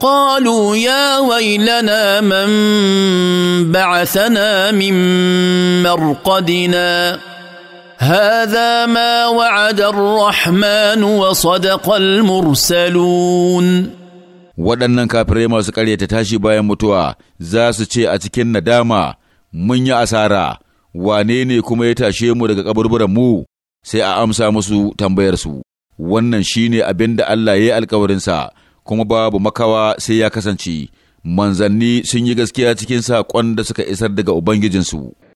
قالوا يا ويلنا من بعثنا من مرقدنا هذا ما وعد الرحمن وصدق المرسلون waɗannan kafirai masu ƙaryata tashi bayan mutuwa za su ce a cikin nadama mun yi asara wane ne kuma ya tashe mu daga kaburburan mu sai a amsa musu tambayarsu wannan shine abin da Allah ya yi alkawarinsa kuma babu makawa sai ya kasance manzanni sun yi gaskiya cikin saƙon da suka isar daga Ubangijinsu.